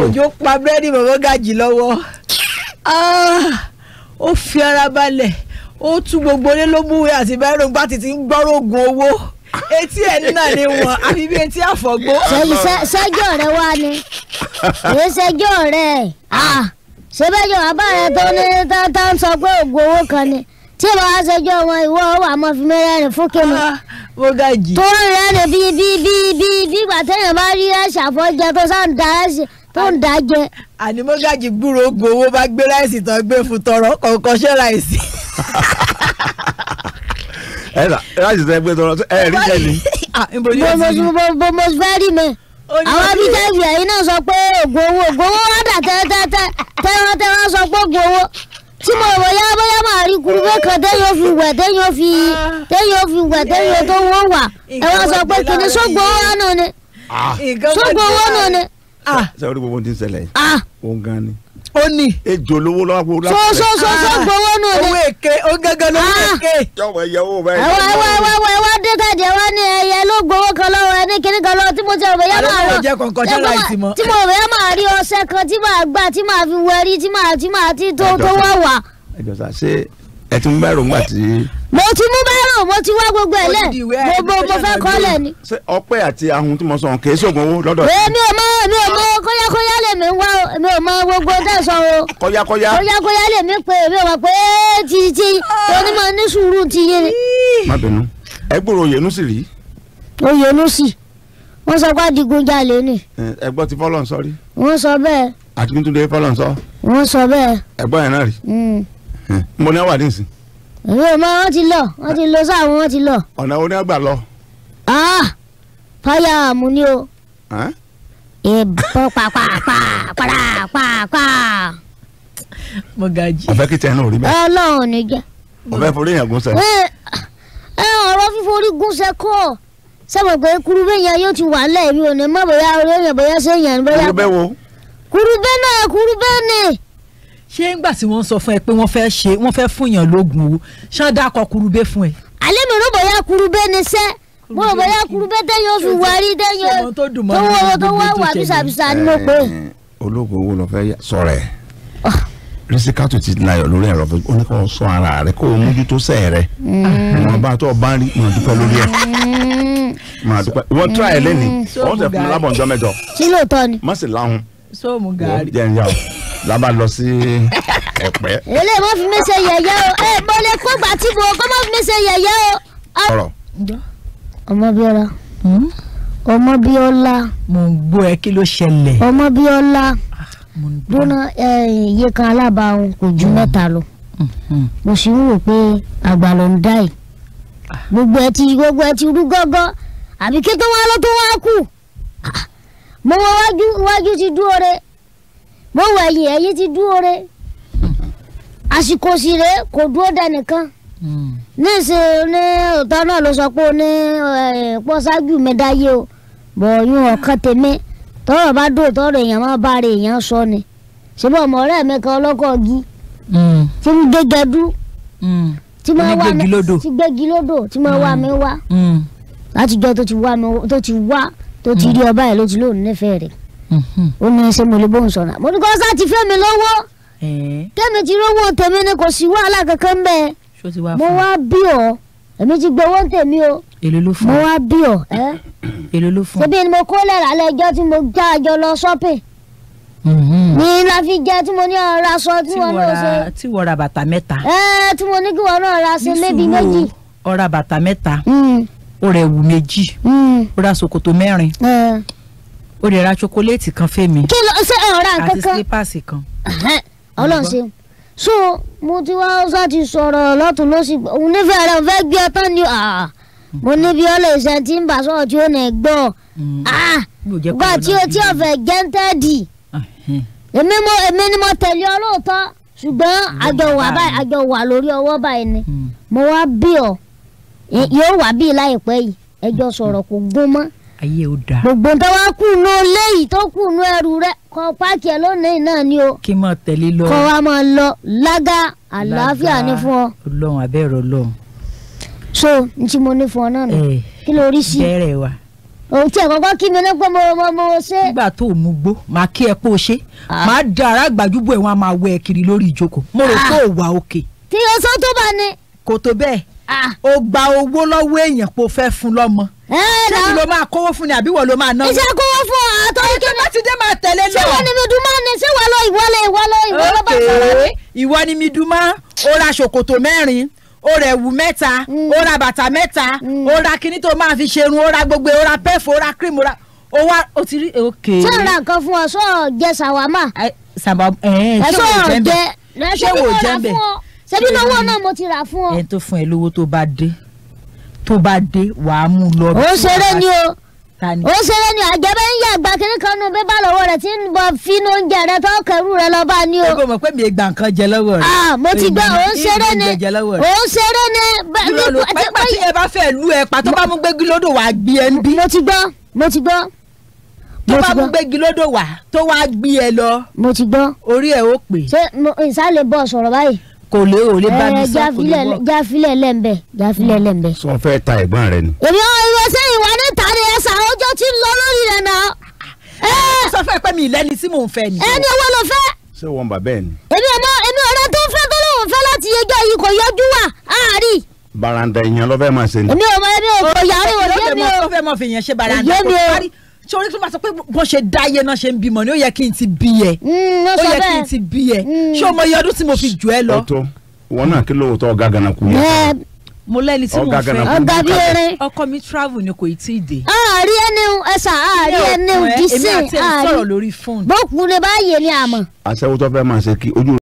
òjò pa búrẹ́dì bàbá gàjì lọ́wọ́ ah, ó fi ara balẹ̀ ó tú gbogbo ilé ló mú wẹ́ àti bẹ́ẹ̀rù gbá títí ń gbọ́rọ̀ oògùn owó etí ẹ̀ náà ni wọ́n àfi bí etí àfọ̀gbó. sẹ́jọ́ rẹ wá ni èyí sẹ́jọ́ rẹ ah, ṣẹ́bẹ́jọ́ bàbá rẹ tó ní tá ń sọ pé oògùn owó kan ni tí mo wá sẹ́jọ́ wọn ìwọ wà mọ́ fi mẹ́rẹ́rin fún kémi mo ga jì. tó ń rẹ́rìn bíi bíi bíi bíi bíi gbàtẹ́yìn bá rí ẹ̀ṣà fọ́jẹ tó sáà ń da ẹ̀ṣẹ̀ tó ń da jẹ. ànímọ́gàjì gbúrò ogun owó bá gbé ráìsì tán gbé fún tọrọ kọ̀ọ̀kan ṣẹ́ ráìsì. ẹ nà ráìsì tán gbé tọrọ ẹ rí jẹ ni. Ah, bọ́mọ fẹ́ rí mi àwọn abidjan yẹ̀yìn náà sọ pé ogun owó ogun owó wà dà tẹ́tẹ́tẹ́ tẹ́wọ́n tẹ́wọ́n sọ pé ogun owó tí mo rò yá bóyá màá rí kurubé kan téèyàn fi wẹ̀ téèyàn fi ah. téèyàn fi wẹ̀ téèyàn tó wọ́n wà ẹ wá sọ pé kìnìún sógbó owó náà ni sógbó ah. owó náà ni. Ah. sẹ́wọ́n gbogbo ohun tí ń ṣẹlẹ̀ yìí ah. òun gan ni. ó ní. ejò lówó lọ́wọ́ lápò. sọ́sọ́sọ́sọ́ ah. gbowó nù. owó èké ó gángan lówó èké. yọ̀wọ̀ ẹ̀yẹ owó báyìí. ẹ̀wọ̀ ẹ̀wọ̀ ẹ̀wọ̀ ẹ̀wọ̀ ẹ̀wọ̀ dẹ́kàjẹ́ wá ní ẹ̀yẹ ló gbowó kan lọ́wọ́ ẹni kiri kan lọ́wọ́ tí mo ti ọ̀bẹ̀yẹ máa rọ. tí mo ọ̀bẹ̀yẹ máa rí ọṣẹ kan tí màá gbà tí màá fi wẹrí tí màá tí màá tí tó tó wà wà. ẹ jọ sá ṣé mo ti mú bẹ́rù mo ti wá gbogbo ẹ̀ lẹ̀ mo mo mo fẹ́ kọ́lẹ̀ ni. ṣé ọpẹ́ àti ahun tí mo sọ kì í ṣoògùn owó lọ́dọ̀. èmi ò mọ èmi ò mọ kóyákóyá lè mi wá mi ò mọ gbogbo tẹ̀ sọ o. kóyákóyá kóyákóyá lè mi pé èmi ò mọ pé ti ti onímọ̀ ní sùúrù ti yé. má bínú ẹ gbòòrò oyè nùsì rí. oyè nùsì wọ́n sọ pé adigunjalè ni. ẹ gbọ́ ti fọ́lọ́ sọ rí. wọ́n sọ bẹ́ẹ̀. àti nítorí fọ́lọ́ sọ. wọ́n sọ bẹ́ẹ̀. ẹ gbọ́ yẹn náà rí. Mm. mo ní àwàdí nsìn èmi ò mọ wọn ti lọ wọn ti lọ sáwọn wọn ti lọ. ọ̀nà wo ni àgbà lọ. Ah! fáyà àmú ni o. ìbọn pàpàpà pàràpàpà. mo ga jí. ọ̀fẹ́ kìí tẹnu orí bẹ́ẹ̀. ọlọ́run ò ní jẹ́. ọ̀fẹ́ forí yẹn gúnṣẹ́. ẹ ọ̀rọ̀ fíforí gúnṣẹ́ kọ́ sábà pé kurubé yẹn yóò ti wà lẹ́ẹ̀mí ò ní mọ̀ bóyá orí yẹn bóyá sẹ́yìn bóyá. kurubé wo. kurubé náà kurubé ni ṣé ńgbà tí wọ́n sọ fún ẹ pé wọ́n fẹ́ ṣe wọ́n fẹ́ fún yàn lóògùn o ṣáà dákọ̀ kurubé fún ẹ. alẹ́ mi ò rò bóyá kurubé ni sẹ́ mo rò bóyá kurubé téèyàn fi wárí téèyàn tó wọ́wọ́ tó wá wà bísàbísà ni mo pé. Eh, olóògùn owó lọ fẹ́ sọ̀rọ̀ ẹ̀ ah. rísíkàtù ti láyọ̀ lórí ẹ̀rọ ó ní kó sọ ara rẹ kó o mójútó sẹ́ẹ̀ rẹ mm. ìwọ̀n bá tó o bá ń rí màá dúpẹ́ lórí ẹ̀ màá mm. dúpẹ́ ìwọ̀n tíra ẹ̀ lẹ́nìí ọ̀sẹ̀ fún lábọ̀ ǹjọ́ mẹ́jọ. kí lóòótọ́ ni. má sì láhùn. sóòmù gàárì la bá lọ sí ẹ̀pẹ́. lélẹ̀ mo fi mi ṣe yẹ̀yẹ́ o ẹ mo lè kó gbà tí mo kó mo fi mi ṣe yẹ̀yẹ́ o. ọ̀rọ̀. ọmọbíọ́lá hmm? ọmọbíọ́lá. mo ń gbọ́ ẹ kí ló ṣẹlẹ̀. ọmọbíọ́lá ah, dúnà iye kan alábàáhùn kò ju hmm. mẹ́ta lọ hmm. mo sì ń wò pé àgbà ló ń dá yìí ah. gbogbo ẹ ti gbogbo ẹ ti rú gọ́gọ́ àbí kí tó wá ló tó wá kù ah, mo wọ iwájú ti dúró re bó wẹ̀yìn ẹ̀yìn ti dúró re àsìkò sì rèé kò dúró dẹnìkan níṣẹ́ hmm. ní ọ̀tá náà ló sọ pé ó ní eh, pọ́ ṣáájú mi dáyé o bọ̀ọ̀yún ọ̀kan tèmi tọ́rọ̀ bá dò tọ́rọ̀ èèyàn máa bá rè èèyàn sọ ni ṣebí ọmọ ọ̀rẹ́ mi kan ọlọ́kọ̀ gi hmm. tí ń gbé gẹdú hmm. tí máa wá mi tí gbégi lódò tí máa wá mi wá látijọ́ tó ti wá tó ti rí ọba yẹn ló ti lóun nífẹ̀ẹ́ rẹ̀ o mhm. ní ṣé mo lè bóun sọ̀rọ̀ mo ní kó sá ti fẹ́ mi lọ́wọ́ kẹ́mi eh. ti rówó tèmi ni kò sí wàhálà kankan bẹ́ẹ̀ mo wá bí ọ èmi ti gbowó tèmi o èlò ló fún ọ mo wá bí ọ ẹ èlò ló fún ọ ṣebí ni mo kó lẹ̀ lálẹ́ ẹjọ́ tí mo já àjọ lọ shopping mhm. ní láfi jẹ tí mo ní ọ̀rọ̀ aṣọ tí wọn náà ṣe tí wọ́n ra bàtà mẹ́ta ẹ tí mo ní kí wọn náà ra ṣe mébi méjì ó bàtà mẹ́ta hmm. ó rẹ̀ wù méjì hmm. ó ra ṣòkòtò mẹ́rin o lè ra chocolate kan fẹ́mi. kí ló ṣe ọ̀rá kankan àti slippers kan. ọlọ́run ṣeun so mo ti wá ọsà ti sọ̀rọ̀ lọ́tún lọ́sì òun nífẹ̀ẹ́ rẹ̀ fẹ́ gbé ọtán ni mo ní bí ọlọ́ ìṣẹ́ tí ń bà sọ̀rọ̀ tí ó nà gbọ́ mm. gbà tí o tí ọ̀fẹ́ gẹ́ńtẹ́ẹ̀dì èmi mo èmi ni mo tẹ̀lé ọ lóòótọ́ ṣùgbọ́n àjọ wà lórí ọwọ́ báyìí ni mm. mo wá bí ọ yóò wà bí láìpẹ́ yìí ẹjọ́ sọ̀rọ̀ kò gún mọ́ ayé ó dáa. gbogbo tó wá kù nù léyìí tó kù nù ẹrù rẹ kọ páàkì ẹ lónìí náà ni o. kí n máa tẹ̀lé lọ. kọ́ wa máa lọ lága àlàáfíà ni fún ọ. ọlọ́run abẹ́rẹ́ ọlọ́run. so n tí mo ní fún ọ náà nù eh, kí ló rí sí. bẹ́ẹ̀rẹ̀ wa. òun tí ẹ kọ́kọ́ kí mi ní pé mo mo mo ṣe. nígbà tó o mú gbó màá kí ẹ kó o ṣe ah. màá da ara gbàjúbọ ẹ wọn a máa wẹ ẹ kiri lórí ìjókòó mo rò pé ò ah. wà òkè. kí o sọ tó bá ní. kò tó bẹ́ẹ̀ ah. o gba owó lọ́wọ́ èèyàn pé o fẹ́ fún lọ́mọ ṣé mi ló máa kówó fún ni àbí wọ́n ló máa náwó. iṣẹ́ kówó fún ọ àtọ́jú kí ni ṣé máa tẹ̀lé lọ. ṣé wọ́n ni mi máa ní ṣé lọ ìwọ lọ ìwọ lọ ìwọ lọ bá sọ̀rọ̀ mi. ìwọ ni mi máa ó ra ṣòkòtò mẹ́rin ó rẹ̀ wù mẹ́ta mm. ó ra bàtà mẹ́ta mm. ó ra kíní tó máa fi ṣerun ó ra gbogbo ó ra pẹ́ẹ̀fù ó ra cream ó ra ó wá ó ti rí òkè. nǹkan fún ọ sọ jẹ sàwámà. ẹ tó bá dé wàá mú lọ. ó ṣeré ni o ó ṣeré ni àjẹbẹ ń yàgbà kiri kan nu bébà lọ́wọ́ rẹ̀ tí ń bọ fínú oúnjẹ rẹ̀ tó kẹrù rẹ̀ lọ bá ní o. ẹgbẹ́ mọ̀ pé mi gbà nǹkan jẹ lọ́wọ́ rẹ̀. ah mo ti gbọ́ ó ṣeré ni ó ṣeré ni. ìrọ̀lù pẹ́pẹ́ tí ẹ bá fẹ́ lu ẹ pàtó bá mú gbégi lódò wá gbé ẹ ń bí. mo ti gbọ́ mo ti gbọ́. tó bá mú gbégi lódò wá tó wá gbé ẹ lọ. mo ti gbọ́. orí ẹ ó pè. ṣé ìsàlẹ̀ bọ̀ sọ̀rọ̀ báyìí kò lè ò lè bá mi eh, sọ kò lè wọ. jáfilẹ̀ lẹ́ńbẹ̀ jáfilẹ̀ hmm. lẹ́ńbẹ̀. sọ fẹ́ ta ẹ̀gbọ́n rẹ ni. èmi ò ìwé sẹ́yìn wà ní tàdé ẹ̀sà ọjọ́ tí ń lọ lórí rẹ̀ náà. Eh! Eh! sọ fẹ́ pẹ́ mi ìlẹ́ni tí mò ń fẹ́ ni. ẹni owó ló fẹ́. ṣé wọn bà bẹ́ẹ̀ ni. èmi ọmọ èmi ọ̀rẹ́ tó fẹ́ tó lóun fẹ́ láti yẹjọ́ yìí kò yọjú wà áàrí. baranda ìyẹn ló fẹ́ máa ṣe ni. èmi ò mọ èmi ò kò yàrá ìwòye mi ò. ó fẹ́ mọ ṣé orí tó máa sọ pé bó ṣe dáyé náà ṣe ń bímọ ni ó yẹ kí n ti bí ẹ mm, ó yẹ kí n ti bí ẹ mm. ṣé o mọ iye ọdún tí mo fi jù ẹ lọ. ọtọ wọn náà kí ló wò tó ọgá gana kú yẹn. mo lẹni tí mo fẹ ọgá bí eré ọkọ mi travel ni kò tí ì dé. àárí ẹni ẹsà àárí ẹni dìísìn àárí bókun ni báyìí ni àmọ. àṣẹ wo tó fẹ́ máa ṣe kí ojú.